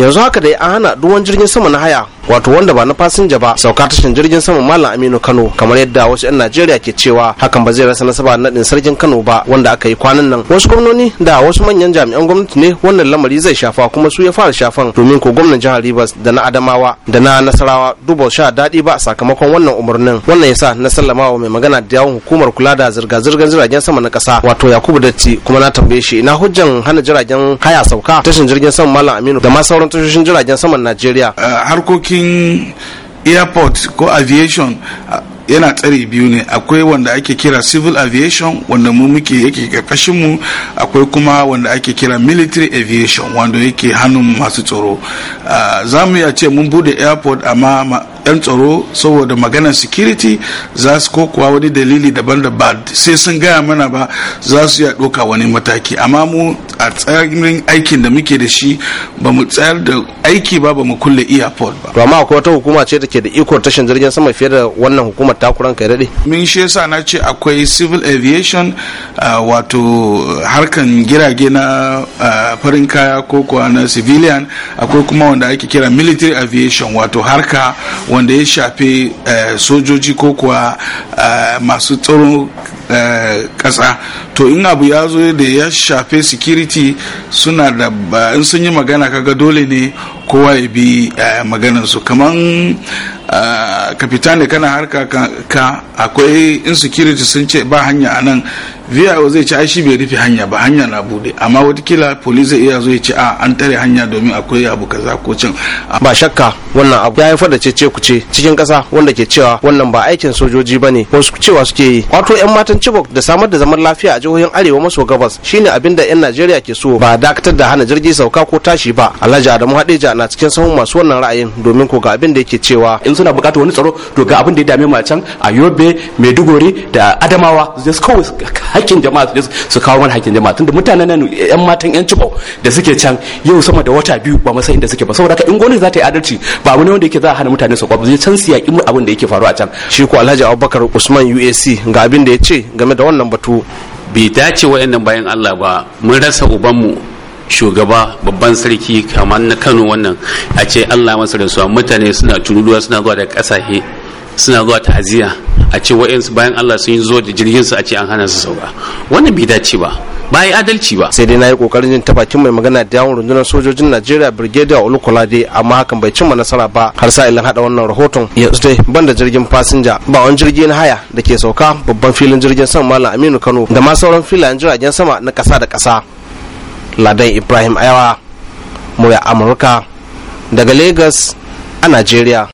yanzu haka dai an hana duk wani jirgin sama na haya wato wanda ba na fasinja ba sauka tashin jirgin sama Mallam aminu kano kamar yadda wasu 'yan najeriya ke cewa hakan ba zai rasa nasaba na naɗin sarkin kano ba wanda aka yi kwanan nan wasu gwamnoni da wasu manyan jami'an gwamnati ne wannan lamari zai shafa kuma su ya fara shafan domin ko gwamnan jihar Ribas da na adamawa da na nasarawa duba sha daɗi ba sakamakon wannan umarnin wannan ya sa na sallama wa mai magana da yawon hukumar kula da zirga-zirgar jiragen sama na ƙasa wato yakubu datti kuma na tambaye shi ina hujjan hana jiragen haya sauka tashin jirgin sama Mallam aminu da ma sauran tashoshin jiragen saman najeriya eh, harkoki cikin airport ko aviation yana tsari biyu ne akwai wanda ake kira civil aviation wanda mu muke yake karkashin mu akwai kuma wanda ake kira military aviation wanda yake hannun masu tsoro za mu ce mun bude airport amma yan tsaro saboda maganar security za su ko wani dalili daban da ba sai sun gaya mana ba za su iya ɗauka wani mataki amma mu a tsarin aikin da muke da shi ba mu tsayar da aiki ba ba mu kulle airport ba amma akwai wata hukuma ce da ke da ikon tashin jirgin sama fiye da wannan hukumar takuran kai daɗe min shi yasa na ce akwai civil aviation wato harkan girage na farin kaya ko kuwa na civilian akwai kuma wanda ake kira military aviation wato harka wanda ya shafi eh, sojoji ko kuwa eh, masu tsaron kasa eh, to in abu ya zo da ya shafe security suna da in sun yi magana kaga dole ne kowa ya bi eh, maganar su kaman eh, kapitan ne kana harka ka akwai insecurity sun ce ba hanya a nan vio zai ci aishi bai rufe hanya ba hanya na bude amma watakila police zai iya zai a an tare hanya domin akwai abu kaza ko cin ba shakka wannan abu ya haifar da cece ce cikin kasa wanda ke cewa wannan ba aikin sojoji ba ne wasu cewa suke yi wato yan matan chibok da samar da zaman lafiya a jihohin arewa maso gabas shine abin da yan najeriya ke so ba dakatar da hana jirgi sauka ko tashi ba alhaji adamu hadeja na na cikin sahun masu wannan ra'ayin domin ko ga abin da yake cewa in suna bukatar wani tsaro to ga abin da ya dame mu a can a Yobe Maiduguri da Adamawa zai kawai hakkin jama'a su kawo mana hakkin jama'a tunda mutanen nan yan matan yan cibo da suke can yau sama da wata biyu ba masa inda suke ba saboda haka in gwamnati za ta yi adalci ba wani wanda yake za a hana mutane su kwabu zai can su yaƙi abin da yake faru a can shi ko Alhaji Abubakar Usman UAC ga abin da ya ce game da wannan batu bai dace waɗannan bayan Allah ba mun rasa ubanmu shugaba babban sarki kamar na kano wannan a ce allah masa da suwa mutane suna tururuwa suna zuwa da kasashe suna zuwa ta'aziyya a ce wa'yansu bayan allah sun yi zo da jirgin su a ce an hana su sauka wannan bai dace ba ba yi adalci ba sai dai na yi kokarin yin ta mai magana da yawon rundunar sojojin najeriya brigadier olukolade amma hakan bai cimma nasara ba har sa ilan hada wannan rahoton yanzu dai ban da jirgin fasinja ba wani jirgin haya da ke sauka babban filin jirgin sama malam aminu kano da ma sauran filayen jiragen sama na kasa da kasa ladan ibrahim ayawa murya amurka daga lagos a najeriya